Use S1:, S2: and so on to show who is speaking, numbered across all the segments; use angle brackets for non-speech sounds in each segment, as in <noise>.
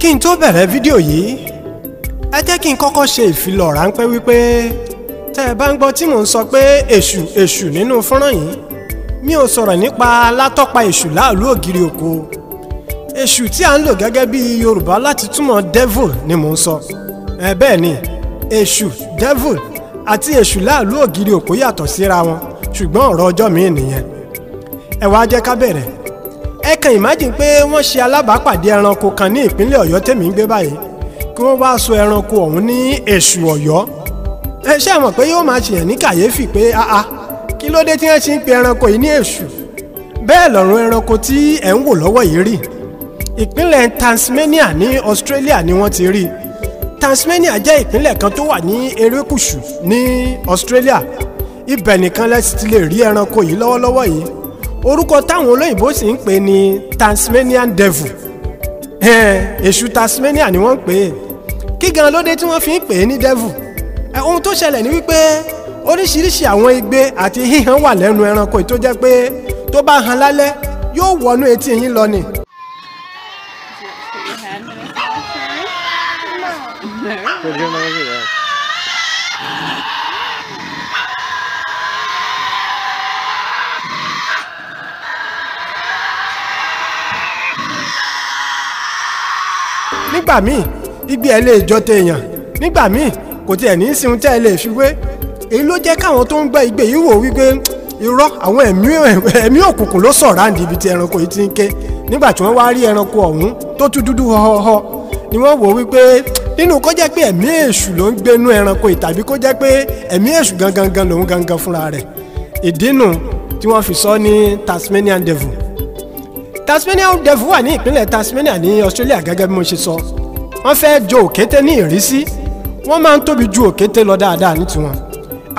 S1: kí n tó bẹ̀rẹ̀ fídíò yìí ẹ jẹ́ kí n kọ́kọ́ ṣe ìfilọ̀ ráńpẹ́ wípé tẹ́ ẹ bá ń gbọ́ tí mò ń sọ pé èṣù èṣù nínú fọ́nrán yìí mi ò sọ̀rọ̀ nípa látọ́pa èṣù láàlú ògiri òkò èṣù tí a ń lò gẹ́gẹ́ bí Yorùbá láti túmọ̀ devil ni mò ń sọ ẹ bẹ́ẹ̀ ni èṣù devil àti èṣù láàlú ògiri òkò yàtọ̀ síra wọn ṣùgbọ́n ọ̀rọ̀ ọjọ́ mi nìyẹn ẹ wá jẹ́ ká bẹ̀rẹ̀ ẹ kàn imagine pé wọ́n ṣe alábàápàdé ẹranko kan ní ìpínlẹ̀ ọ̀yọ́ tèmi ń gbé báyìí kí wọ́n wá sọ ẹranko ọ̀hún ní èṣù ọ̀yọ́ ẹ ṣe àmọ̀ pé yóò máa ṣèyàn ní kàyéfì pé áá kí ló dé tí wọ́n ṣe ń pe ẹranko yìí ní èṣù bẹ́ẹ̀ lọ̀rọ̀ ẹranko tí ẹ̀ ń wò lọ́wọ́ yìí rí ìpínlẹ̀ Tasmania ní Australia ni wọ́n ti rí Tasmania jẹ́ ìpínlẹ̀ kan tó wà ní erékùṣù ní Australia ibẹ̀ nìkan lẹ́sìn ti lè rí ẹranko yìí lọ́wọ́lọ́wọ́ yìí orúkọ táwọn olóyìnbó sì ń pè ní Tasmanian devil èṣù Tasmania ni wọ́n ń pè é kí gan ló dé tí wọ́n fi ń pè é ní devil ohun tó ṣẹlẹ̀ ni wípé oríṣiríṣi àwọn igbe àti híhan wà lẹ́nu ẹranko tó jẹ́ pé tó bá han lálẹ́ yóò wọnú etí yín lọ ni. Put your nígbà míì igbe ẹ̀ lè jọ tèèyàn nígbà míì kò tiẹ̀ ní í sinun tẹ́ ẹ lè fi wé èyí ló jẹ́ káwọn tó ń gbẹ́ igbe yìí wò wípé irọ́ àwọn ẹ̀mí òkùnkùn ló sọ̀ ráǹdì ibi tí ẹranko yìí ti ń ké nígbà tí wọ́n wá rí ẹranko ọ̀hún tó tún dúdú họ́họ́họ́ ni wọ́n wò wípé nínú kó jẹ́ pé ẹ̀mí èṣù ló ń gbénú ẹranko yìí tàbí kó jẹ́ pé ẹ̀mí èṣù gangan lòun gangan fúnra rẹ̀ ìdí nù tí wọ́n fi sọ ní Tasmanian devil Tasmania devil wà ní ìpínlẹ̀ Tasmania ní Australia gẹ́gẹ́ bí mo ṣe sọ wọ́n fẹ́ jọ òkété ní ìrísí wọ́n máa ń tóbi ju òkété lọ dáadáa ní tiwọn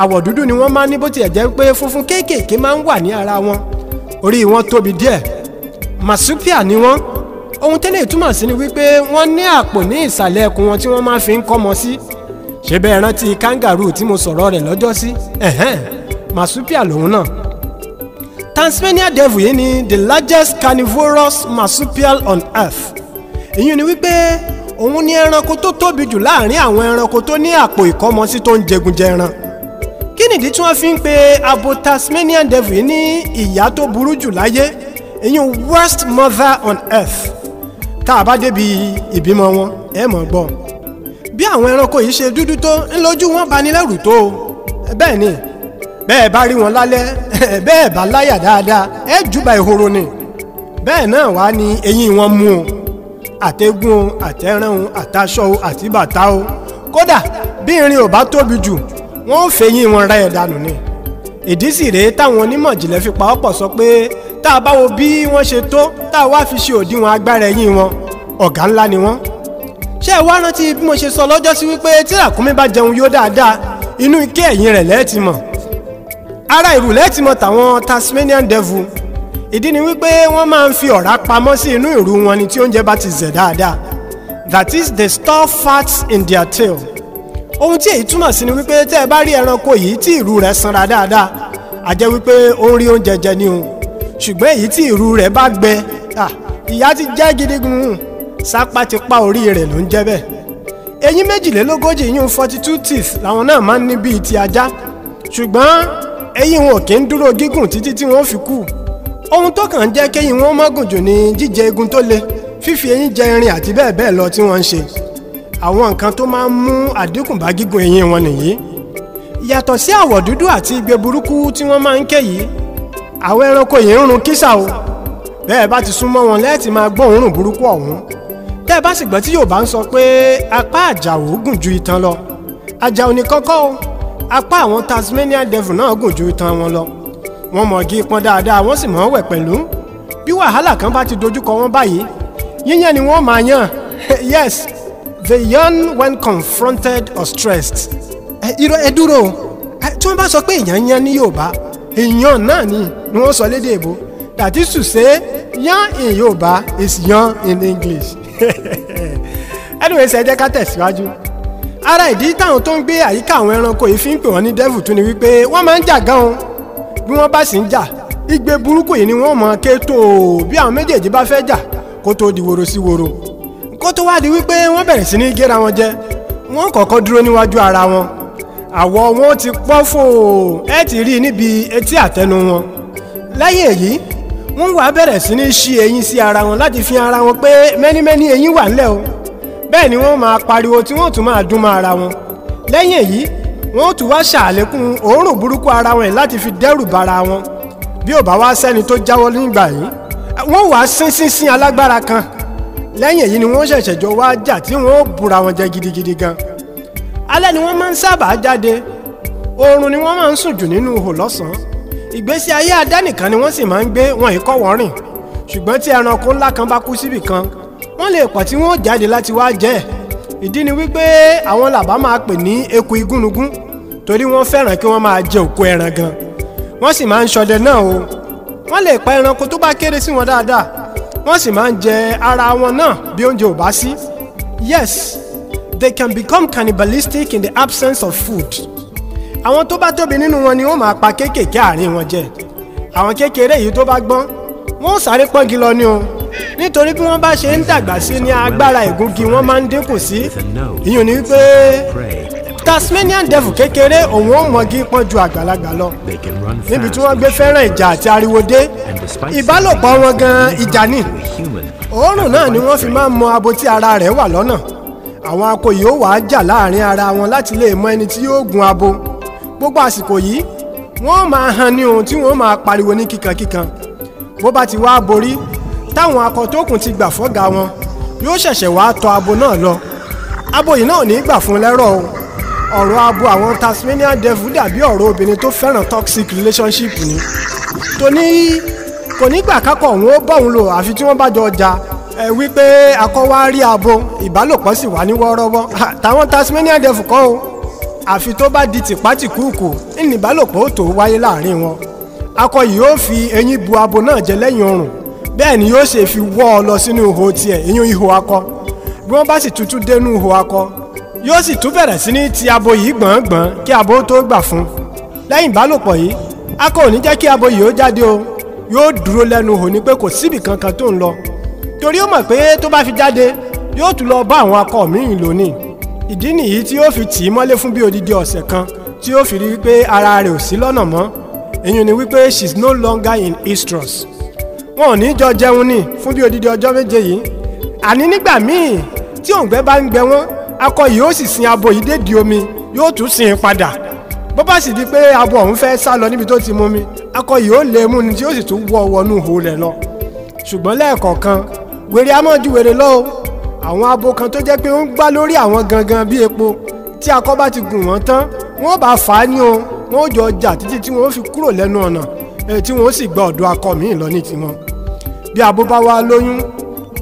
S1: àwọ̀ dúdú ni wọ́n máa ń ní bó tiẹ̀ jẹ́ pé funfun kéékèèké máa ń wà ní ara wọn orí wọn tóbi díẹ̀ marsupial ni wọ́n ohun tẹ́lẹ̀ túmọ̀ sí ni wípé wọ́n ní àpò ní ìsàlẹ̀ ẹkùn wọn tí wọ́n máa fi ń kọ́mọ sí ṣé bẹ́ẹ̀ rántí kangaroo tí mo sọ̀rọ̀ rẹ̀ lọ́jọ́ sí marsupial lòun náà Tasmania devil yìí ni the largest carnivorous marsupial on earth ìyún ni wípé òun ni ẹranko tó tóbi jù láàrin àwọn ẹranko tó ní àpò ìkọ́mọsí tó ń jẹgunjẹ ẹran kí nìdí tí wọ́n fi ń pe abo Tasmanian devil yìí ní ìyá tó burú jù láyé ìyún worst mother on earth tá a bá débi ìbímọ wọn ẹ mọ̀ gbọ́ bí àwọn ẹranko yìí ṣe dúdú tó ńlójú wọn bani lẹ́rù tó bẹ́ẹ̀ ni bẹ́ẹ̀ bá rí wọn lálẹ́ <laughs> bẹ́ẹ̀ bá láyà dáadáa ẹ júbà ìhoro ni bẹ́ẹ̀ náà wá ní eyín wọn mú o àtẹ̀gùn o àtẹ̀rán o àtaṣọ o àti bàtà o kódà bí irin ò bá tóbi jù wọ́n ò fẹ́yìn wọn ra dànù ni ìdí sì rèé táwọn onímọ̀ jìnlẹ̀ fi pawọ́pọ̀ sọ pé tá a bá wo bí wọ́n ṣe tó tá a wá fi ṣe òdiwọ̀n agbára ẹ̀yìn wọn ọ̀gá ńlá ni wọ́n ṣé ẹ wá rántí bí mo ṣe sọ lọ́jọ́ sí wípé tí ràkúnmí bá jẹun yó dáadáa inú ike ẹ̀yìn rẹ̀ lẹ́ẹ̀tì mọ̀ ara ìrùlẹ̀ ti mọ tàwọn Tasmanian devil ìdí ni wípé wọ́n máa ń fi ọ̀rá pamọ́ sí inú ìrù wọn ni tí oúnjẹ bá ti zẹ̀ dáadáa that is they store fats in their tail ohun tí èyí túmọ̀ sí ni wípé tẹ́ ẹ bá rí ẹranko yìí tí ìrù rẹ̀ sanra dáadáa a jẹ́ wípé ó ń rí oúnjẹ jẹ ni o ṣùgbọ́n èyí tí ìrù rẹ̀ bá gbẹ ìyá ti jẹ́ gidi gan-an sápá ti pa orí rẹ̀ ló ń jẹ́ bẹ́ẹ̀ eyín méjìlélógójì yún forty two teeth làwọn náà máa ń ní bíi ti ajá ṣùgbọ́n ẹ̀yìn wọn kì í dúró gígùn títí tí wọ́n fi kú ohun tó kàn ń jẹ́ kéyìn wọn má gùn jù ní jíjẹ eegun tó le fífi eyín jẹ irin àti bẹ́ẹ̀ bẹ́ẹ̀ lọ tí wọ́n ń ṣe àwọn nǹkan tó máa ń mú àdínkù bá gígùn eyín wọn nìyí yàtọ̀ sí àwọ̀ dúdú àti igbe burúkú tí wọ́n máa ń ké yìí àwọn ẹranko yìí ń run kísà o bẹ́ẹ̀ bá ti súnmọ́ wọn lẹ́ẹ̀tì máa gbọ́ òórùn burúkú ọ̀hún tẹ́ ẹ bá sì gbọ́ tí Yorùbá ń sọ pé apá àjàò gùn ju itan lọ àjàò ní kọ́kọ́ o apá àwọn Tasmanian devil náà gùn ju itan wọn lọ wọ́n mọ̀ọ́gì pọn dáadáa wọ́n sì mọ̀ọ́wẹ̀ pẹ̀lú bí wàhálà kan bá ti dojúkọ wọn báyìí yíyan ni wọ́n máa yàn <laughs> yes they yawn when confronted or stressed. ẹ irọ́ ẹ dúró tí wọ́n bá sọ pé èèyàn yan ní Yorùbá èèyàn náà ni ni wọ́n sọ lédè èbó that is to say yan in Yorùbá is yan in English. <laughs> anyways ẹ jẹ́ ká tẹ̀síwájú ara ìdí táwọn tó ń gbé àyíká àwọn ẹranko yìí fi ń pè wọ́n ní devil tún ni wípé wọ́n máa ń jà gan-an bí wọ́n bá sì ń jà igbe burúkú yìí ni wọ́n mọ̀ ké tó o bí àwọn méjèèjì bá fẹ́ jà kó tó di woro sí woro kó tó wá di wípé wọ́n bẹ̀rẹ̀ sí ní géra wọn jẹ wọ́n kọ́kọ́ dúró níwájú ara wọn àwọ̀ wọn ti pọ́ fò ẹ ti rí i níbi etí àtẹnu wọn lẹ́yìn èyí wọ́n wá bẹ̀rẹ̀ sí ní ṣí eyín sí ara wọn láti fi ara wọn pé mẹ́nímẹ́ní eyín wà ńlẹ̀ o bẹ́ẹ̀ ni wọ́n máa pariwo tí wọ́n tún máa dún mọ́ ara wọn lẹ́yìn èyí wọ́n tún wá ṣàlékún òórùn burúkú ara wọn láti fi dẹ́rù bara wọn bí ò bá wá sẹ́ni tó jáwọ́ nígbà yìí wọ́n wàá sín sín sín alágbára kan lẹ́yìn èyí ni wọ́n ṣẹ̀ṣẹ̀ jọ wá jà tí wọ́n ó búra wọn jẹ gidigidi gan alẹ́ ni wọ́n máa ń sábà jáde oorun ni wọ́n máa ń sùn jù nínú ihò lọ́sàn-án ìgbésí ayé adánìkan ni wọ́n sì máa ń gbé wọn ìkọ́ ṣùgbọ́n tí ẹranko ńlá kan bá kú síbì kan wọ́n lè pọ̀ tí wọ́n jáde láti wá jẹ ìdí ni wípé àwọn làbá máa pè ní eku igúnnugún torí wọ́n fẹ́ràn kí wọ́n máa jẹ òkú ẹran gan wọ́n sì máa ń ṣọdẹ náà o wọ́n lè pa ẹranko tó bá kéré sí wọn dáadáa wọ́n sì máa ń jẹ ara wọn náà bí oúnjẹ ò bá sí yes they can become cannibalistic in the absence of food àwọn tó bá tóbi nínú wọn ni wọ́n máa pa kéékèèké àárín wọn jẹ àwọn kékeré yìí tó bá gbọ́n wọ́n sáré pọ́ngi lọ ni o nítorí bí wọ́n bá ṣe ń dàgbà sí ni agbára ìgúngi wọn máa ń dínkù sí ìyún ni wípé Tasmanian devil kékeré òun ó mọ̀gí pọ́n ju àgbàlagbà lọ níbi tí wọ́n gbé fẹ́ràn ìjà àti ariwo dé ìbálòpọ̀ wọn gan ìjà ni òórùn náà ni wọ́n fi máa ń mọ abo ara rẹ̀ wà lọ́nà àwọn akọ yìí ó wàá jà láàrin ara wọn láti lè mọ ẹni tí yóò gun abo gbogbo àsìkò yìí wọ́n máa han ní ohun tí wọ́n máa pariwo ní kíkankíkan bó bá ti wá borí táwọn akọ̀tókùn ti gbà fọ́gà wọn yóò ṣẹ̀ṣẹ̀ wáá tọ abo náà lọ abo yìí náà ní í gbà fún lẹ́rọ̀ o ọ̀rọ̀ abo àwọn Tasmanian devil dàbí ọ̀rọ̀ obìnrin tó fẹ́ràn toxic relationship ni tó ní kò nígbà kákọ̀ òun ó bọ̀hún lò àfi tí wọ́n bá jọ ọjà ẹ wípé akọ wá rí abo ìbálòpọ̀ sì wà ní wọ́ọ́rọ́wọ́ táwọn Tasmanian devil kọ́ o àfi tó bá di tìpátìkúùkù ìnìbálòpọ̀ ò tó wáyé láàrin wọn akọ yìí ó fi eyín bu abo náà jẹ lẹ́yìn ọrùn bẹ́ẹ̀ ni yóò ṣe fi wọ́ ọ lọ sínú ihò tiẹ̀ inú ihò akọ bí wọ́n bá sì tutù dénú ihò akọ yóò sì tún bẹ̀rẹ̀ sí ní ti abo yìí gbọ̀ngbọ̀n kí abo tó gbà fún lẹ́yìn ìbálòpọ̀ yìí akọ ò ní jẹ́ kí abo yìí ó jáde o yóò dúró lẹ́nu ihò ni pé kò síbì kankan tó ń lọ torí ó mọ̀ pé tó bá fi jáde yóò tún lọ bá àwọn akọ míì lónìí ìdí nìyí tí yóò fi tì í mọ́lé fún bí odidi ọ̀sẹ̀ kan tí yóò fi rí i pé ara rẹ̀ ò sí lọ́nà mọ́ èyí ni wípé she is no longer in estrus wọn ò ní jọ jẹun ni fún bí odidi ọjọ́ méje yìí àní nígbà míì tí òǹgbẹ bá ń gbẹ wọn akọ yìí ó sì sin abo yìí dédìí omi yóò tún sin padà bó bá sì di pé abo ọ̀hún fẹ́ sá lọ níbi tó ti mú mi akọ yìí ó lè mú ni tí ó sì tún wọ wọnú ihò rẹ̀ lọ ṣùgbọ́n lẹ́ẹ̀kọ̀ọ̀kan wèrè á wèrè lọ o àwọn abo kan tó jẹ́ pé ó ń gbá lórí àwọn gangan bí epo tí akọ bá ti gùn wọ́n tán wọ́n bá fà á ní o wọ́n jọ jà títí tí wọ́n fi kúrò lẹ́nu ọ̀nà tí wọ́n sì gba ọ̀dọ̀ akọ míì lọ ní tiwọn bí abo lóyún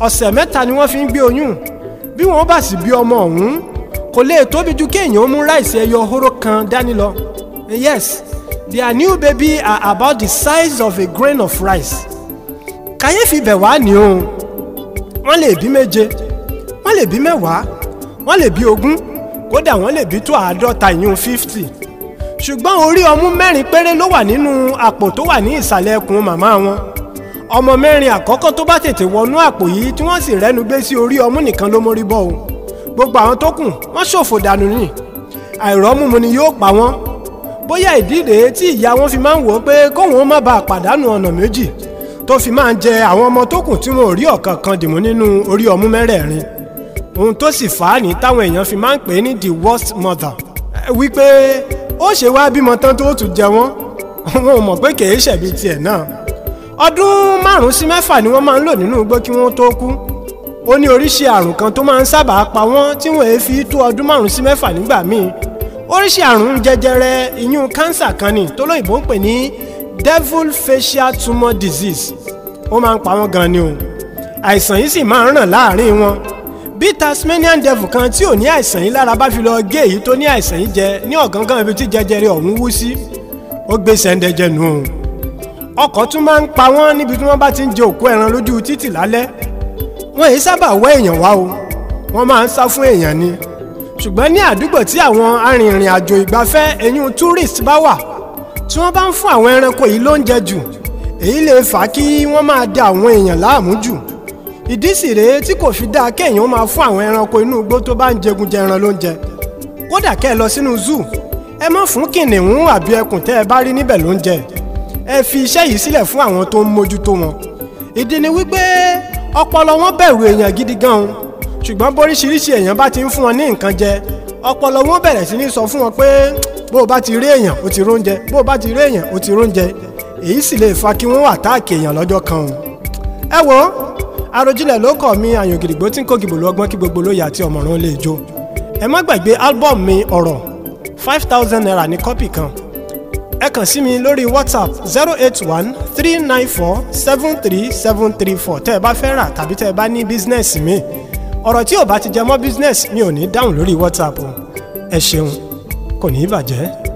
S1: ọ̀sẹ̀ mẹ́ta ni wọ́n fi ń gbé oyún bí wọ́n bá sì bí ọmọ ọ̀hún kò lè tóbi ju kéèyàn ó mú ráìsì ẹyọ hóró kan dání lọ eh, yes their new baby are about the size of a grain of rice kàyéfì bẹ̀ wá ní o wọ́n lè bí méje wọ́n lè bí mẹ́wàá wọ́n lè bí ogún kódà wọ́n lè bí tó àádọ́ta ìyún fifty ṣùgbọ́n orí ọmú mẹ́rin péré ló wà nínú àpò tó wà ní ìsàlẹ̀ ẹkùn màmá wọn ọmọ mẹ́rin àkọ́kọ́ tó bá tètè wọnú àpò yìí tí wọ́n sì rẹ́nu gbé sí orí ọmú nìkan ló mórí bọ́ o gbogbo àwọn tó kù wọ́n ṣòfò dànù ni àìrọ́múmu ni yóò pa wọ́n bóyá ìdílé tí ìyá wọn fi máa ń wò ó pé kóun má bàa pàdánù ọ̀nà méjì tó fi máa ń jẹ àwọn ọmọ tó kù tí wọn ò rí ọ̀kan kan dìmú nínú orí ọmú mẹ́rẹ̀ẹ̀rin ohun tó sì fà á ní táwọn èèyàn fi máa ń pè é ní the worst mother wípé ó ṣe wá bímọ tán tó tún jẹ wọ́n wọn ò mọ̀ pé kìí ṣẹ̀bi tiẹ̀ náà ọdún márùn-ún sí mẹ́fà ni wọ́n máa ń lò nínú igbó kí wọ́n tó kú ó ní oríṣi àrùn kan tó máa ń sábà pa wọ́n tí wọ́n fi tó ọdún márùn-ún sí mẹ́fà nígbà míì oríṣi àrùn jẹjẹrẹ ìyún kánsà kan ni tólóyìnbó ń pè ní devil facial tumor disease ó máa ń pa wọ́n gan ni o àìsàn yìí sì máa ń ràn láàárín wọn bí tasmanian devil kan tí ò ní àìsàn yìí lára bá fi lọ gé èyí tó ní àìsàn yìí jẹ ní ọ̀gángán ibi tí jẹjẹrẹ ọ̀hún wú sí ó gbé sẹ́ńdẹ̀jẹ̀ nù ú ọkọ̀ tún máa ń pa wọ́n níbi tí wọ́n bá ti ń jẹ òkú ẹran lójú títì lálẹ́ wọ́n yìí sábà wọ́ èèyàn wá o wọ́n máa ń sá fún èèyàn ni ṣùgbọ́n ní àdúgbò tí àwọn arìnrìn àjò ìgbafẹ́ ẹ̀yìn tourist bá wà tí wọ́n bá ń fún àwọn ẹranko yìí lóúnjẹ jù èyí lè fà á kí wọ́n máa da àwọn èèyàn láàmú jù ìdí sì rèé tí kò fi dáa kéèyàn máa fún àwọn ẹranko inú igbó tó bá ń jẹgun jẹran lóúnjẹ kódà kẹ́ ẹ lọ sínú zoo ẹ má fún kìnìún àbí ẹkùn tẹ́ ẹ bá rí níbẹ̀ lóúnjẹ ẹ fi iṣẹ́ yìí sílẹ̀ fún àwọn tó ń mójútó wọn ìdí ni wípé ọpọlọ wọn bẹ̀rù èèyàn gidi gan-an ṣùgbọ́n bóríṣiríṣi èèyàn bá ti ń fún wọn ní nǹkan jẹ ọpọlọ wọn bẹ̀rẹ̀ sí ní sọ fún wọn pé bó o bá ti rí èèyàn o ti róúnjẹ bó o bá ti rí èèyàn o ti róúnjẹ èyí sì lè fa kí wọ́n wà táàkì èèyàn lọ́jọ́ kan o ẹ wo àròjinlẹ̀ ló kọ̀ mi àyàn gidigbo tí ń kó gìbò lọ́gbọ́n kí gbogbo lóye àti ọ̀mọ̀ràn lè jó ẹ má gbàgbé álbọ̀m mi ọ̀rọ̀ five thousand naira ní kọ́pì kan ẹ kàn sí mi lórí whatsapp zero eight one three nine four seven three seven three four tẹ́ ẹ bá fẹ́ rà tàbí tẹ́ ẹ bá ní bísínẹ́sì mi ọ̀rọ̀ tí ò bá ti jẹ mọ́ bísínẹ́sì mi ò ní dáhùn lórí whatsapp ẹ ṣeun kò ní í bàjẹ́.